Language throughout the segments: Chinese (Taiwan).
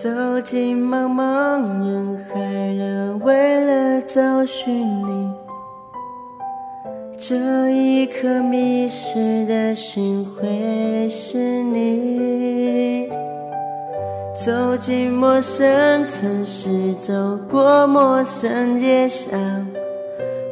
走進茫茫人海了，為了找尋你，這一刻迷失的心會是你。走進陌生城市，走過陌生街上，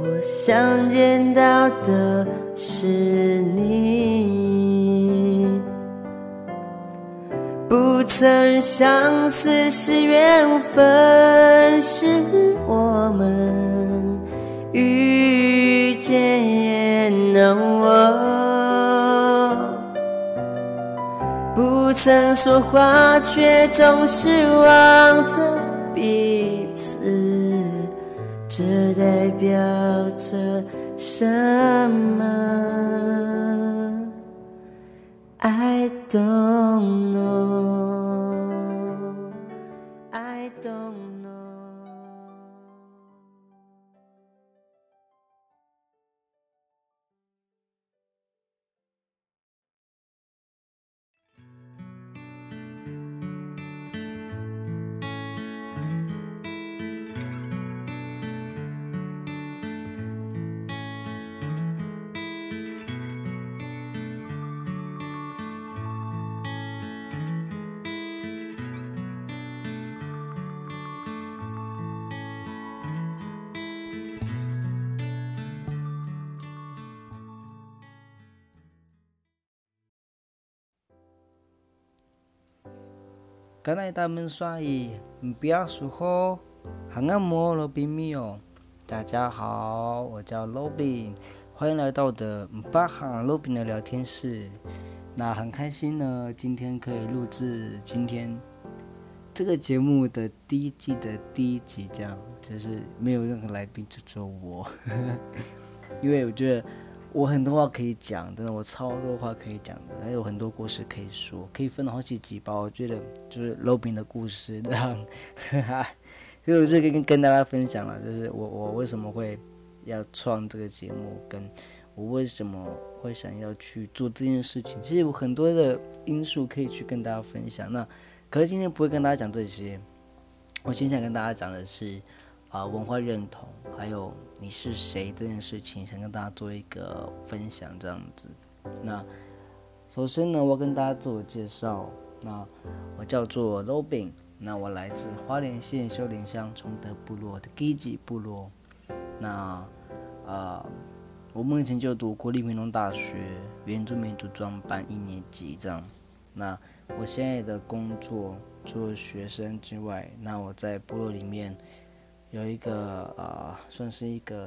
我想見到的是你。不曾相識是緣分，是我們遇見也難忘。不曾說話卻總是望着彼此，這代表着什麼？I don't know。剛來大門刷伊，唔不要疏忽，喊俺摸羅賓咪哦。大家好，我叫羅賓，歡迎來到我的巴喊羅賓的聊天室。那很開心呢，今天可以錄制今天這個節目的第一季的第一集，這樣就是沒有任何來賓，就只有我。 因為我覺得。我很多話可以講，真的，我超多話可以講的，還有很多故事可以說，可以分好幾集吧。我覺得就是 Lowbing 的故事這樣，哈哈。呵呵，所以我就這個跟跟大家分享了，就是我我為什麼會要創這個節目，跟我為什麼會想要去做這件事情，其實有很多的因素可以去跟大家分享。那可是今天不會跟大家講這些，我今天想跟大家講的是啊、呃，文化認同還有。你是誰這件事情，想跟大家做一個分享，這樣子。那首先呢，我跟大家自我介紹。那我叫做 Lowbing，那我來自花蓮縣秀林鄉崇德部落的基級部落。那啊、呃，我目前就讀國立民族大學原住民族專班一年級這樣。那我現在的工作，除了學生之外，那我在部落裡面，有一個啊、呃，算是一個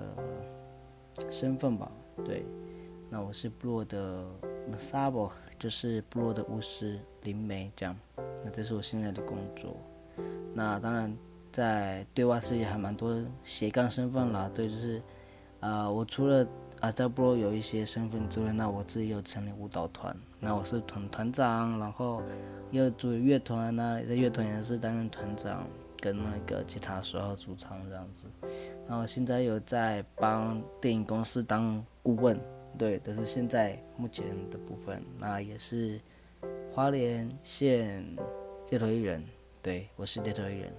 身份吧。對，那我是部落的薩博，就是部落的巫師、靈媒這樣。那這是我現在的工作。那當然，在對外世界還蠻多斜槓身份啦。對，就是啊、呃，我除了啊在部落有一些身份之外，那我自己又成立舞蹈團，那我是團團長，然後又組樂團呢，在樂團也是擔任團長。跟那個吉他所有主唱這樣子，然後現在有在幫電影公司當顧問，對，但、就是現在目前的部分那也是花蓮縣街頭藝人，對我是街頭藝人。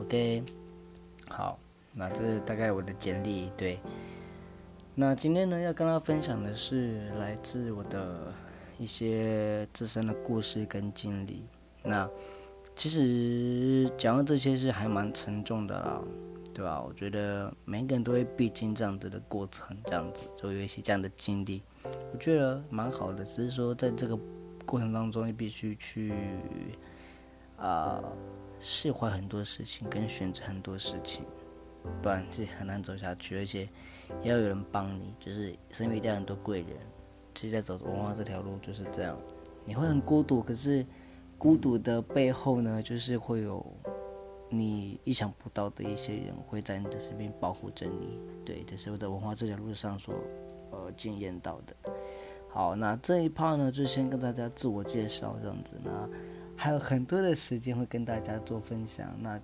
OK，好，那這是大概我的簡歷，對。那今天呢，要跟大家分享的是來自我的一些自身的故事跟經歷，那。其實講到這些是還蠻沉重的啦，對吧？我覺得每一個人都會必經這樣子的過程，這樣子就有一些這樣的經歷，我覺得蠻好的。只是說在這個過程當中，你必須去啊、呃、釋懷很多事情，跟選擇很多事情，不然自己很難走下去。而且也要有人幫你，就是身邊一定要很多貴人。其實，在走文化這條路就是這樣，你會很孤獨，可是。嗯、孤獨的背後呢，就是會有你意想不到的一些人會在你的身邊保護着你。對，這、就是我的文化這條路上所呃經驗到的。好，那這一趴呢就先跟大家自我介紹，這樣子呢，那還有很多的時間會跟大家做分享。那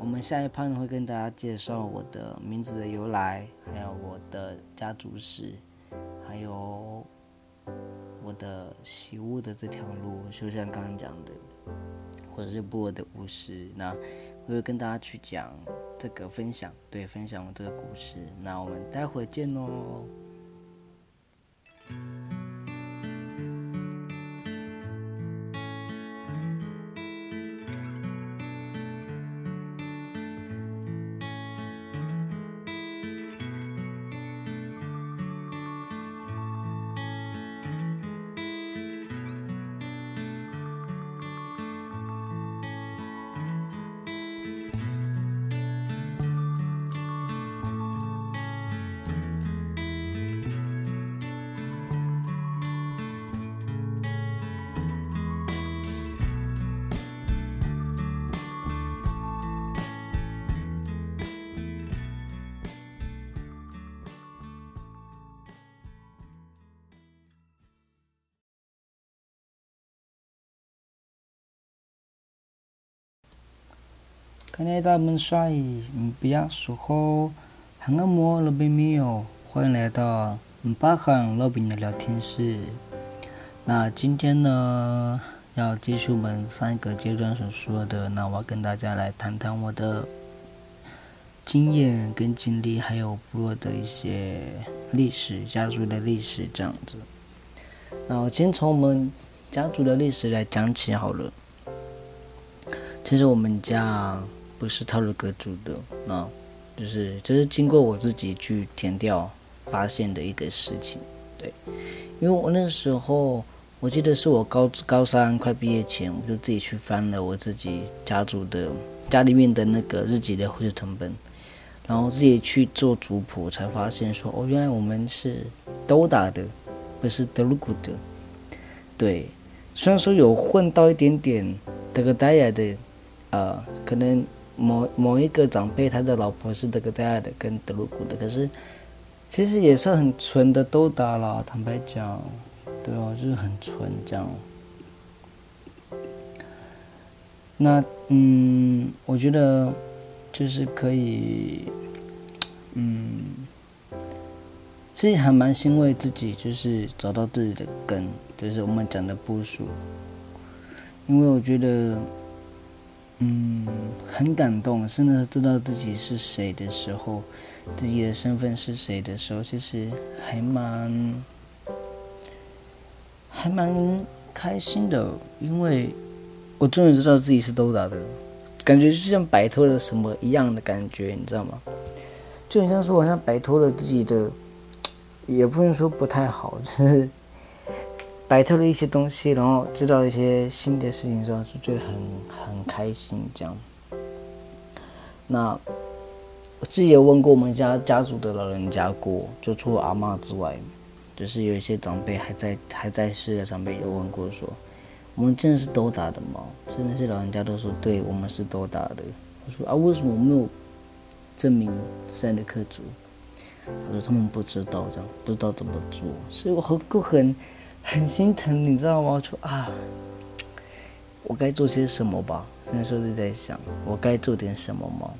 我們下一趴呢會跟大家介紹我的名字的由來，還有我的家族史，還有。我的習武的這條路，就像剛剛講的，或者是播的故事，那我會跟大家去講這個分享，對，分享我這個故事，那我們待會兒見嘍。來大家們，帥，不要說話，喊我莫老兵米哦。歡迎來到 Embahang 老兵的聊天室。那今天呢，要繼續我們上一個階段所說的，那我要跟大家來談談我的經驗跟經歷，還有部落的一些歷史、家族的歷史這樣子。那我先從我們家族的歷史來講起好了，其實我們家……不是套路閣主的啊，就是這、就是經過我自己去田調發現的一個事情。對，因為我那時候，我記得是我高高三快畢業前，我就自己去翻了我自己家族的家裡面的那個日記的戶籍謄本，然後自己去做族譜，才發現說哦，原來我們是都達的，不是德路固的。對，雖然說有混到一點點德克達雅的，呃，可能。某某一個長輩，他的老婆是德格代爾的，跟德魯古的，可是其實也算很純的都達了。坦白講，對哦，就是很純這樣。那嗯，我覺得就是可以，嗯，其實還蠻欣慰自己就是找到自己的根，就是我們講的部署。因為我覺得。嗯，很感動。甚至知道自己是誰的時候，自己的身份是誰的時候，其實還蠻還蠻開心的。因為我終於知道自己是都達的，感覺就像擺脫了什麼一樣的感覺，你知道嗎？就好像說，好像擺脫了自己的，也不能說不太好，就是。擺脫了一些東西，然後知道一些新的事情上就覺得很很開心這樣。那我自己也問過我們家家族的老人家過，就除了阿媽之外，就是有一些長輩還在還在世的長輩有問過說，我們真的是都打的嗎？所以那些老人家都說，對，我們是都打的。我說啊，為什麼我沒有證明賽德克族？他說他們不知道這樣，不知道怎麼做。所以我很很。很心疼，你知道嗎？我說啊，我該做些什麼吧？那時候就在想，我該做點什麼嗎？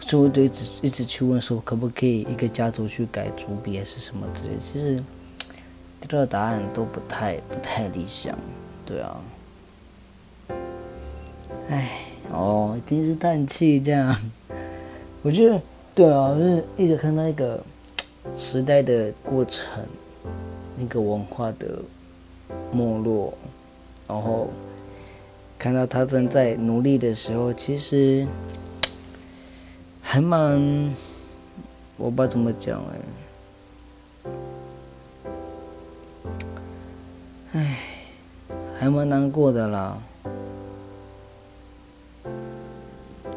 所以我就一直一直去問說，說可不可以一個家族去改族別，是什麼之類？其實得到的答案都不太不太理想，對啊。哎哦，真是嘆氣這樣。我覺得對啊，就是一直看到一個時代的過程。那個文化的沒落，然後看到他正在努力的時候，其實還蠻……我不知道怎麼講哎，哎，還蠻難過的啦，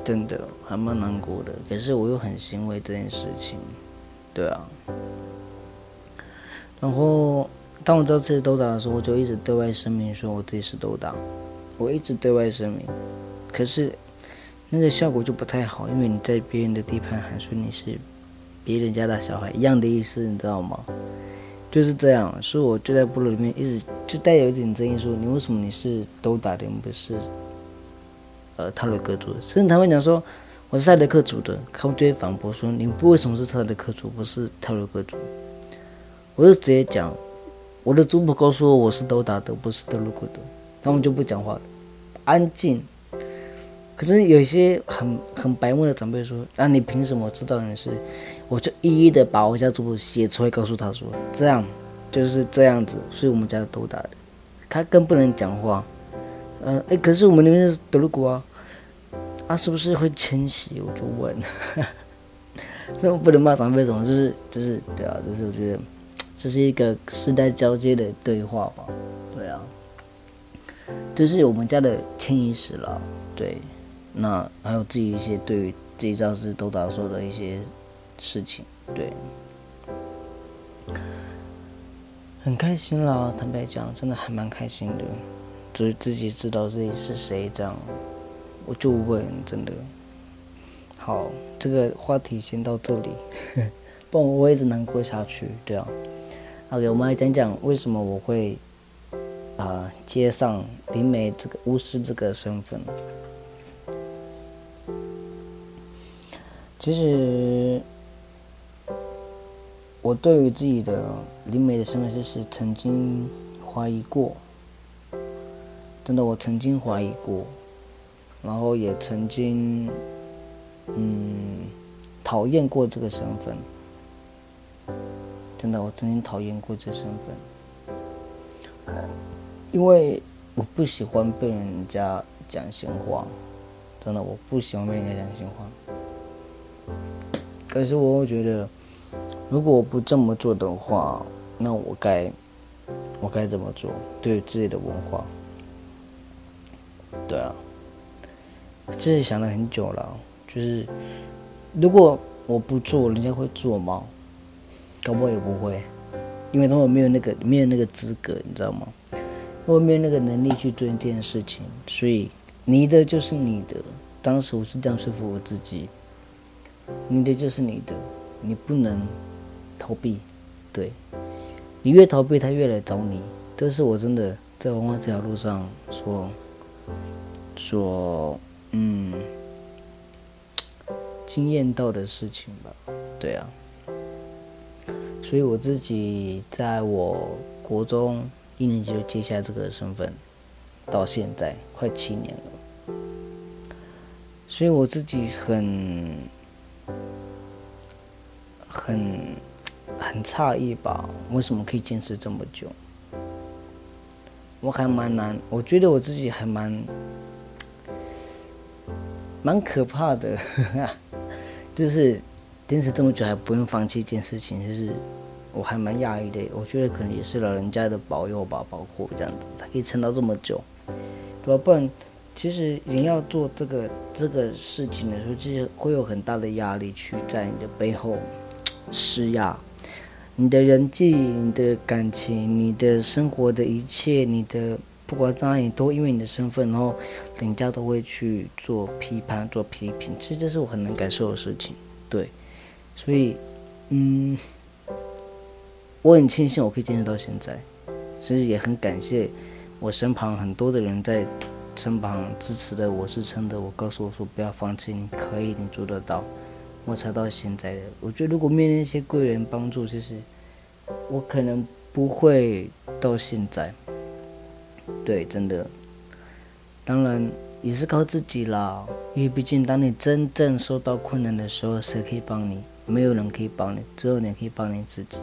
真的還蠻難過的。可是我又很欣慰這件事情，對啊。然後，當我知道自己是鬥打的時候，我就一直對外聲明說我自己是鬥打，我一直對外聲明。可是，那個效果就不太好，因為你在別人的地盤還說你是別人家的小孩一樣的意思，你知道嗎？就是這樣，所以我就在部落裡面一直就帶有一點爭議說，說你為什麼你是鬥打的，不是呃太魯閣族？甚至他們講說我是賽德克族的，他們就反駁說你為什麼是賽德克族，不是太魯閣族？我就直接講，我的祖母告訴我我是都達的，不是德路固的，他們就不講話，安靜。可是有一些很很白目的長輩說，那、啊、你憑什麼知道你是？我就一一的把我家祖母寫出來，告訴他說，這樣就是這樣子，所以我們家是都達的。他更不能講話。嗯、呃，哎，可是我們那邊是德路固啊，他、啊、是不是會遷徙？我就問， 那我不能罵長輩，怎麼就是就是對啊，就是我覺得。這是一個世代交接的對話吧？對啊，就是我們家的遷移史了。對，那還有自己一些對於自己當時都打說的一些事情，對，很開心啦。坦白講，真的還蠻開心的，就是自己知道自己是誰這樣。我就問，真的。好，這個話題先到這裡， 不然我會一直難過下去。對啊。好的，okay, 我們來講講為什麼我會啊、呃、接上靈媒這個巫師這個身份。其實我對於自己的靈媒的身份是，是曾經懷疑過，真的我曾經懷疑過，然後也曾經嗯討厭過這個身份。真的，我曾經討厭過這身份，因為我不喜歡被人家講閒話。真的，我不喜歡被人家講閒話。可是我會覺得，如果我不這麼做的話，那我該我該怎麼做？對於自己的文化，對啊，自己想了很久了，就是如果我不做，人家會做嗎？搞不好也不會，因為他們沒有那個沒有那個資格，你知道嗎？我沒有那個能力去做一件事情，所以你的就是你的。當時我是這樣說服我自己，你的就是你的，你不能逃避。對，你越逃避，他越來找你。這是我真的在文化這條路上所，所嗯，經驗到的事情吧。對啊。所以我自己在我國中一年級就接下這個身份，到現在快七年了。所以我自己很、很、很詫異吧，為什麼可以堅持這麼久？我還蠻難，我覺得我自己還蠻、蠻可怕的， 就是。堅持這麼久還不用放棄一件事情，就是我還蠻訝異的。我覺得可能也是老人家的保佑吧，包括這樣子，他可以撐到這麼久。對吧？不然其實人要做這個這個事情的時候，其實會有很大的壓力，去在你的背後施壓，你的人際、你的感情、你的生活的一切，你的不管在哪裡，都因為你的身份，然後人家都會去做批判、做批評。其實這是我很能感受的事情，對。所以，嗯，我很慶幸我可以堅持到現在，其實也很感謝我身旁很多的人在身旁支持著我，支撐著我。我告訴我說，不要放棄，你可以，你做得到。我才到現在的，我覺得如果面臨一些貴人幫助，其實我可能不會到現在。對，真的，當然也是靠自己啦，因為畢竟當你真正受到困難的時候，誰可以幫你？沒有人可以幫你，只有你可以幫你自己。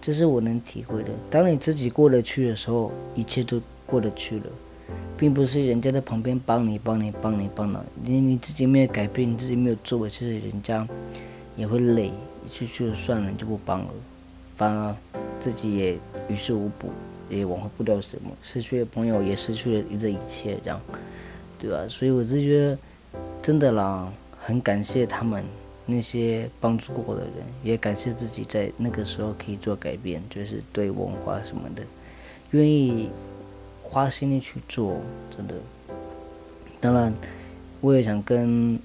這是我能體會的。當你自己過得去的時候，一切都過得去了，並不是人家在旁邊幫你、幫你、幫你、幫了你，你，你，你自己沒有改變，你自己沒有作為，其實人家也會累，一去就算了，你就不幫了，反而自己也於事無補，也挽回不了什麼，失去了朋友，也失去了這一切，這樣，對吧、啊？所以我是覺得，真的啦，很感謝他們。那些幫助過的人，也感謝自己在那個時候可以做改變，就是對文化什麼的，願意花心力去做，真的。當然，我也想跟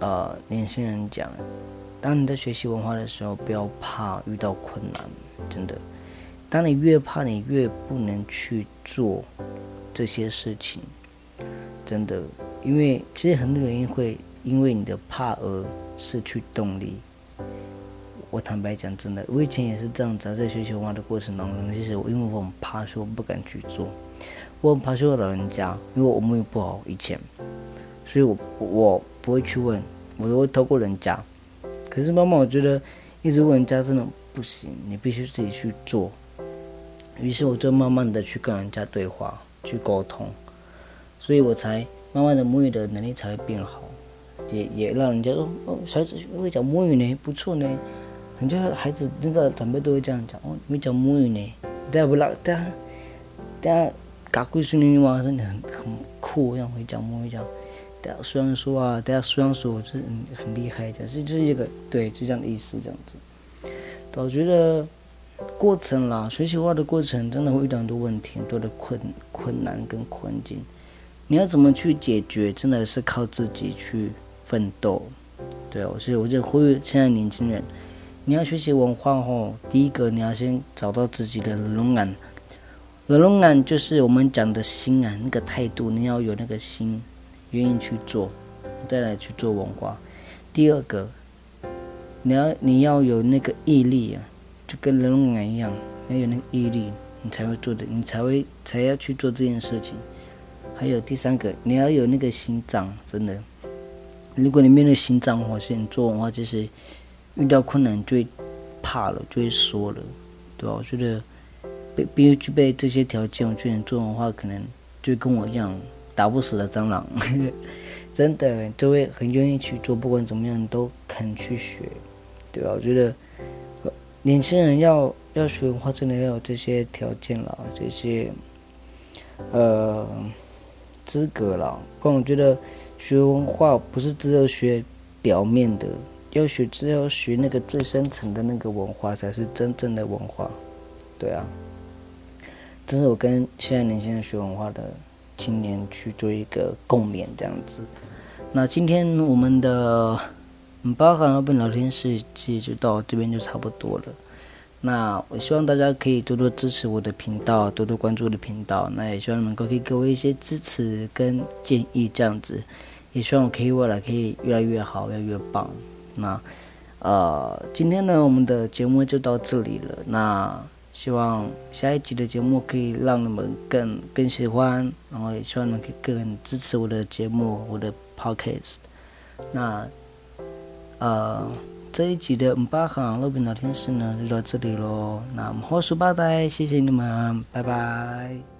呃年輕人講，當你在學習文化的時候，不要怕遇到困難，真的。當你越怕，你越不能去做這些事情，真的，因為其實很多原因會。因為你的怕而失去動力。我坦白講，真的，我以前也是這樣子啊，在學習文化的過程當中，就是因為我很怕說，所以我不敢去做。我很怕說老人家，因為我母語不好，以前，所以我我不會去問，我都會透過人家。可是媽媽，我覺得一直問人家真的不行，你必須自己去做。於是我就慢慢的去跟人家對話，去溝通，所以我才慢慢的母語的能力才會變好。也也，讓人家說哦，小孩子會講母語呢，不錯呢。人家孩子那個長輩都會這樣講哦，你會講母語呢。但不啦，但但搞桂林的話，真的很很酷，這樣會講母語講。但雖然說啊，但雖然說就是很很厲害講，是就是一個對，就這樣的意思這樣子。我覺得過程啦，學習化的過程，真的會遇到很多問題、很多的困困難跟困境。你要怎麼去解決，真的是靠自己去。奮鬥，對。我所以我就呼籲現在年輕人，你要學習文化後，哦，第一個，你要先找到自己的龍眼，龍龍眼就是我們講的心啊，那個態度，你要有那個心，願意去做，再來去做文化。第二個，你要你要有那個毅力啊，就跟龍眼一樣，你要有那個毅力，你才會做的，你才會才要去做這件事情。還有第三個，你要有那個心臟，真的。如果你面對心臟的話，現在做的話，就是遇到困難最怕了，就會縮了，對吧？我覺得必必須具備這些條件，我覺得你做的話，可能就跟我一樣，打不死的蟑螂， 真的就會很願意去做，不管怎麼樣都肯去學，對吧？我覺得年輕人要要學的話，真的要有這些條件了，這些呃資格了，不我覺得。學文化不是只有學表面的，要學，只有學那個最深層的那個文化才是真正的文化，對啊。這是我跟現在年輕人學文化的青年去做一個共勉這樣子。那今天我們的 Embahang Lowbing 的聊天室就到這邊就差不多了。那我希望大家可以多多支持我的頻道，多多關注我的頻道。那也希望你們可以給我一些支持跟建議這樣子。也希望我可以未來可以越來越好，越來越棒。那，呃，今天呢，我們的節目就到這裡了。那希望下一集的節目可以讓你們更更喜歡，然後也希望你們可以更支持我的節目，我的 podcast。那，呃，這一集的 Embahang！Lowbing 的聊天室呢，就到這裡嘍。那我們說拜拜，謝謝你們，拜拜。